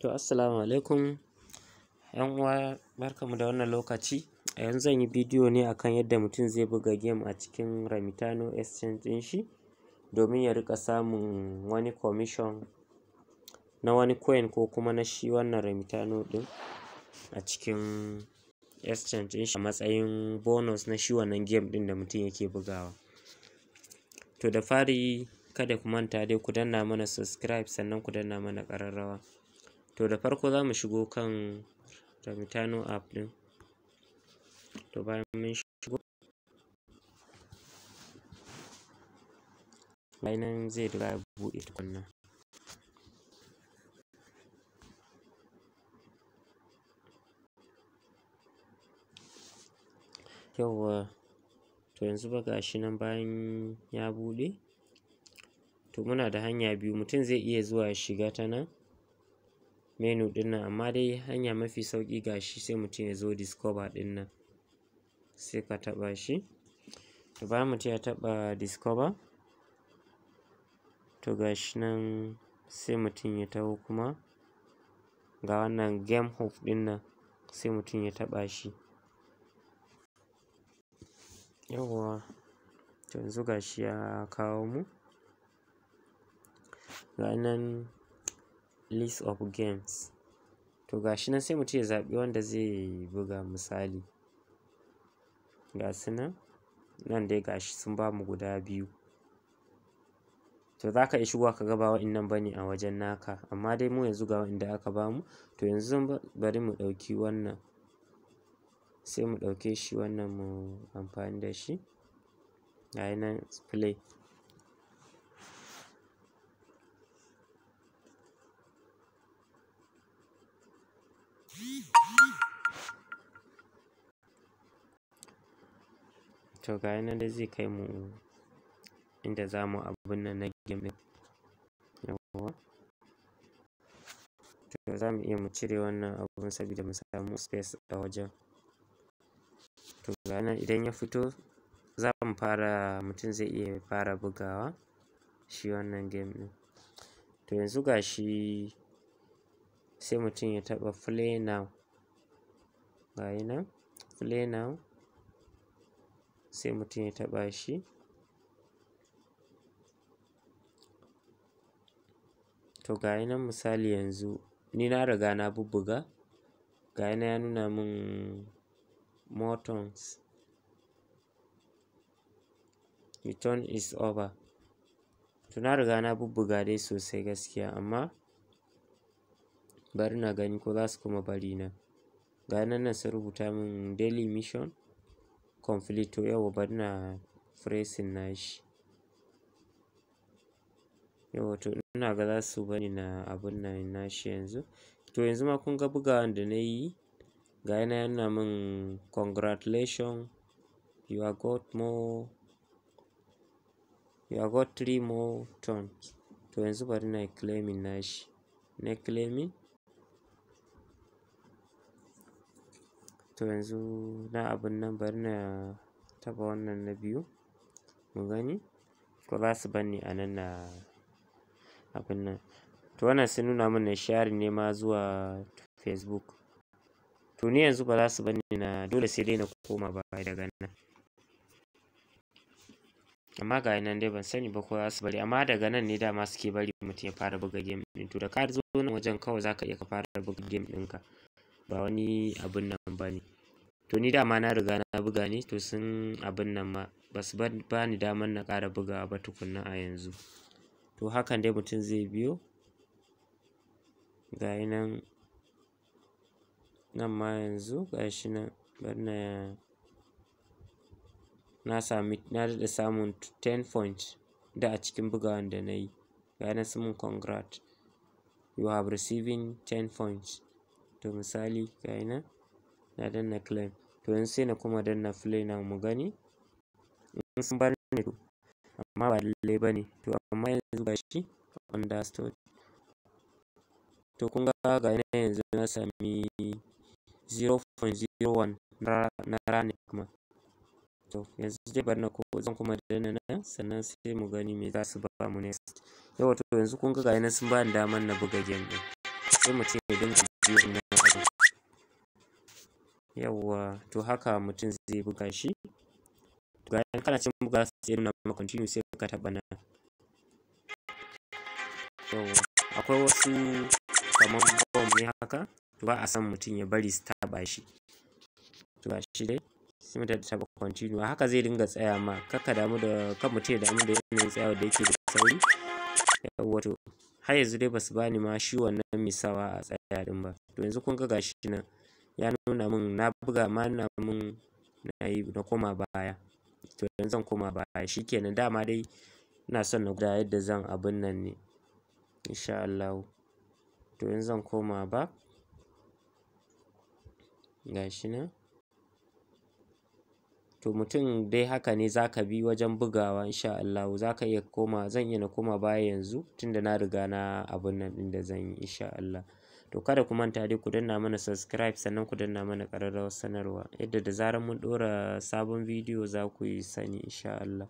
To assalamu alaikum. Yan uwa barkamu da wannan lokaci. A yanzu zan yi bidiyo ne akan yadda mutum zai buga game a cikin Remitano Exchange ɗin shi domin ya rika samun wani commission na wani coin ko kuma na shi wannan Remitano ɗin a cikin exchange ɗin shi a matsayin bonus na shi wannan game ɗin da mutum yake bugawa. To da fari kada ku manta dai ku danna mana subscribe sannan ku danna mana ƙararrawa. to da farko za mu shigo kan Tramitano app ɗin to bayan mun shigo bayan nan zai riga ya buɗe tukunna Yawwa, to yanzu ba gashi nan bayan ya buɗe to muna da hanya biyu mutum zai iya zuwa ya shiga ta nan menu ɗin nan amma dai hanya mafi sauƙi ga shi sai mutum ya zo discover ɗin nan sai ka taɓa shi to bayan mutum ya taɓa discover to ga shi nan sai mutum ya taho kuma ga wannan game hub ɗin nan sai mutum ya taɓa shi yawwa to yanzu ga shi ya kawo mu ga nan list of games to gashi na nan sai mutum ya zaɓi wanda zai buga misali ga su nan dai gashi sun ba mu guda biyu to za ka iya ka ga ba ba ne a wajen naka amma dai mu yanzu ga wa'inda aka ba mu to yanzu zan bari mu ɗauki wannan sai mu ɗauke shi wannan mu amfani da shi ga nan play To ga nan dai zai kai mu inda za mu abun nan na game ɗin. Yawwa. To za mu iya mu cire wannan abun sabida mu samu space a wajen. To ga nan idan ya fito za mu fara mutum zai iya fara bugawa shi wannan game ɗin. To yanzu ga shi sai mutum ya taɓa play now. Ga yi nan play now. sai mutum ya taɓa shi to ga nan misali yanzu ni na riga na bubbuga ga nan ya nuna min motons return is over to na riga na bubbuga dai sosai gaskiya amma bari na gani ko za su kuma bari na ga nan nan rubuta min daily mission complete to yauwa bari na pressing nashi yauwa to ina ga za su bani na abun nan nashi yanzu to yanzu ma kun ga buga da na yi ga yana yana min congratulation you have got more you have got three more turns to yanzu bari na claiming nashi na claiming to yanzu na abin nan bari na taɓa wannan na biyu mu gani ko za su bani a nan na abin nan to wannan sun nuna min na ne ma zuwa facebook to ni yanzu ba za su bani na dole sai dai na koma baya daga nan amma ga nan dai ban sani ba ko za su bari amma daga nan ne dama suke bari mutum ya fara buga game din to da ka zo nan wajen kawai za ka iya ka fara buga game ɗinka ba wani abun nan ba ne. To ni dama na riga na buga ne to sun abun nan ma ba su ba ni daman na ƙara bugawa ba tukunna a yanzu. To hakan dai mutum zai biyo ga yi nan, nan ma yanzu ga shi nan bari na na sami na daɗa samun 10 point da a cikin bugawan da na yi. Ga yi nan sun mun you have receiving 10 points. to misali gayi nan na danna claim to yanzu sai na kuma danna play now mu gani in sun bar ni to amma ba lallai ba ne to amma yanzu ba shi understood to kun ga ga yanzu na sami 0.01 na rana kuma to yanzu dai bar na ko zan kuma danna nan sannan sai mu gani me za su ba mu next yawa to yanzu kun ga ga sun ba ni daman na buga game din sai mu ce dinga yawwa to haka mutum zai buga shi to bayan kana cin buga sai nuna ma continue sai ka taɓa nan yawwa akwai wasu kamar bom ne haka to ba a san mutum ya bari su taɓa shi to ga shi dai sai mutum ya taɓa continue haka zai dinga tsaya ma kakka damu da kan mutum ya damu da yanayin tsayawa da yake da sauri yawwa to har yanzu dai basu bani ma shi wannan mai sawa a tsaya ɗin ba to yanzu kun ga gashi nan ya nuna min na buga ma nuna min na na koma baya to yanzu zan koma baya shikenan dama dai ina son na gwada yadda zan abin nan ne insha Allahu to yanzu zan koma ba gashi nan to mutum dai haka ne za ka bi wajen bugawa insha Allah za ka iya koma zan iya na koma baya yanzu tunda na riga na abun nan din da zan yi insha Allah to kada ku manta dai ku danna mana subscribe sannan ku danna mana ƙararrawar sanarwa yadda da zarar mun ɗora sabon bidiyo za ku yi sani insha Allah